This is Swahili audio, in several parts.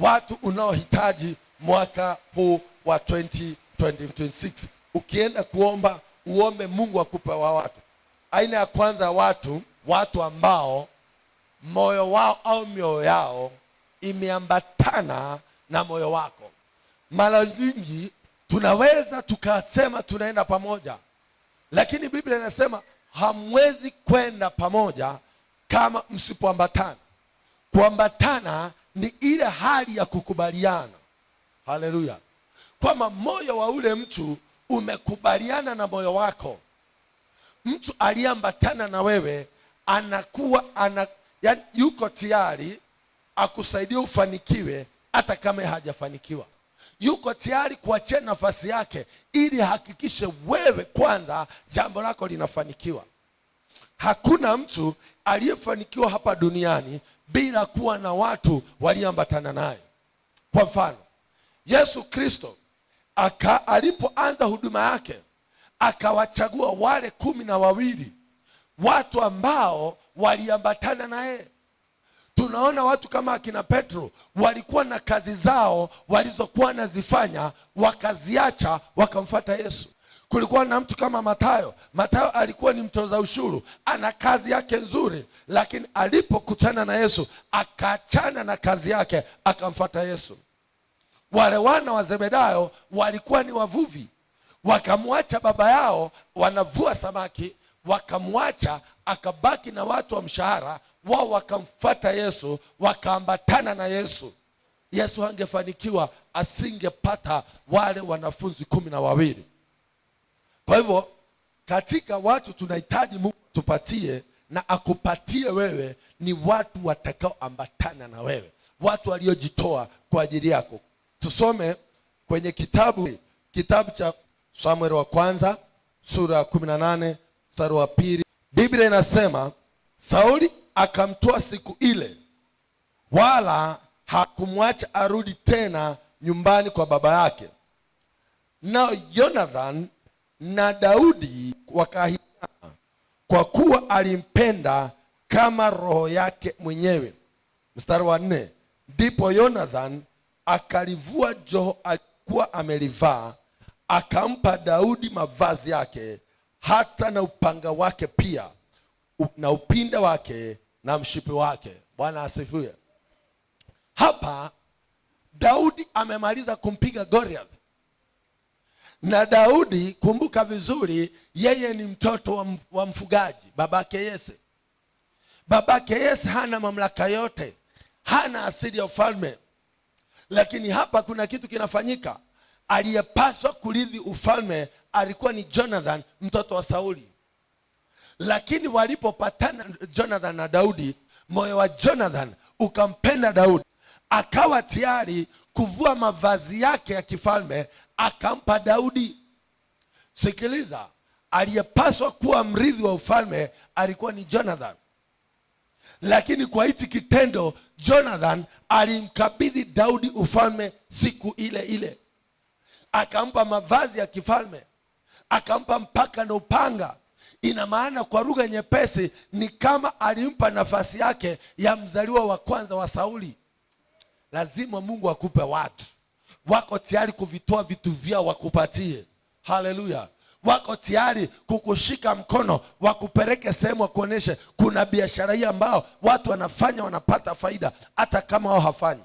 watu unaohitaji mwaka huu wa 2026 ukienda kuomba uombe Mungu akupe wa watu. Aina ya kwanza watu, watu ambao moyo wao au mioyo yao imeambatana na moyo wako. Mara nyingi tunaweza tukasema tunaenda pamoja, lakini Biblia inasema hamwezi kwenda pamoja kama msipoambatana. Kuambatana ni ile hali ya kukubaliana. Haleluya, kwamba moyo wa ule mtu umekubaliana na moyo wako. Mtu aliyeambatana na wewe anakuwa ana, yani yuko tayari akusaidia ufanikiwe, hata kama hajafanikiwa yuko tayari kuachia nafasi yake ili hakikishe wewe kwanza jambo lako linafanikiwa. Hakuna mtu aliyefanikiwa hapa duniani bila kuwa na watu waliambatana naye. Kwa mfano, Yesu Kristo alipoanza huduma yake akawachagua wale kumi na wawili watu ambao waliambatana naye. Tunaona watu kama akina Petro walikuwa na kazi zao walizokuwa wanazifanya wakaziacha, wakamfata Yesu kulikuwa na mtu kama Matayo. Matayo alikuwa ni mtoza ushuru, ana kazi yake nzuri, lakini alipokutana na Yesu akaachana na kazi yake, akamfata Yesu. Wale wana wa Zebedayo walikuwa ni wavuvi, wakamwacha baba yao wanavua samaki, wakamwacha akabaki na watu wa mshahara wao, wakamfata Yesu, wakaambatana na Yesu. Yesu angefanikiwa asingepata wale wanafunzi kumi na wawili. Kwa hivyo katika watu tunahitaji Mungu tupatie na akupatie wewe ni watu watakaoambatana na wewe, watu waliojitoa kwa ajili yako. Tusome kwenye kitabu kitabu cha Samueli wa kwanza sura ya 18 mstari wa pili. Biblia inasema Sauli akamtoa siku ile, wala hakumwacha arudi tena nyumbani kwa baba yake. Na Jonathan na Daudi wakahitana, kwa kuwa alimpenda kama roho yake mwenyewe. Mstari wa nne, ndipo Yonathan akalivua joho alikuwa amelivaa akampa Daudi mavazi yake, hata na upanga wake pia na upinda wake na mshipi wake. Bwana asifiwe. Hapa Daudi amemaliza kumpiga Goliath na Daudi, kumbuka vizuri, yeye ni mtoto wa mfugaji, babake Yese. Babake Yese hana mamlaka yote, hana asili ya ufalme, lakini hapa kuna kitu kinafanyika. Aliyepaswa kurithi ufalme alikuwa ni Jonathan, mtoto wa Sauli, lakini walipopatana Jonathan na Daudi, moyo wa Jonathan ukampenda Daudi, akawa tayari kuvua mavazi yake ya kifalme akampa Daudi. Sikiliza, aliyepaswa kuwa mrithi wa ufalme alikuwa ni Jonathan, lakini kwa hichi kitendo Jonathan alimkabidhi Daudi ufalme siku ile ile, akampa mavazi ya kifalme, akampa mpaka na upanga. Ina maana kwa lugha nyepesi ni kama alimpa nafasi yake ya mzaliwa wa kwanza wa Sauli lazima Mungu akupe watu wako tayari kuvitoa vitu vyao wakupatie. Haleluya! wako tayari kukushika mkono wakupeleke sehemu, wakuonyeshe kuna biashara hii ambao watu wanafanya wanapata faida, hata kama wao hafanyi.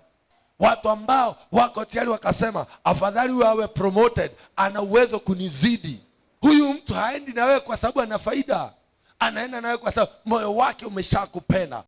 Watu ambao wako tayari wakasema, afadhali huyo awe promoted, ana uwezo kunizidi huyu. Mtu haendi na wewe kwa sababu ana faida, anaenda na wewe kwa sababu moyo wake umeshakupenda.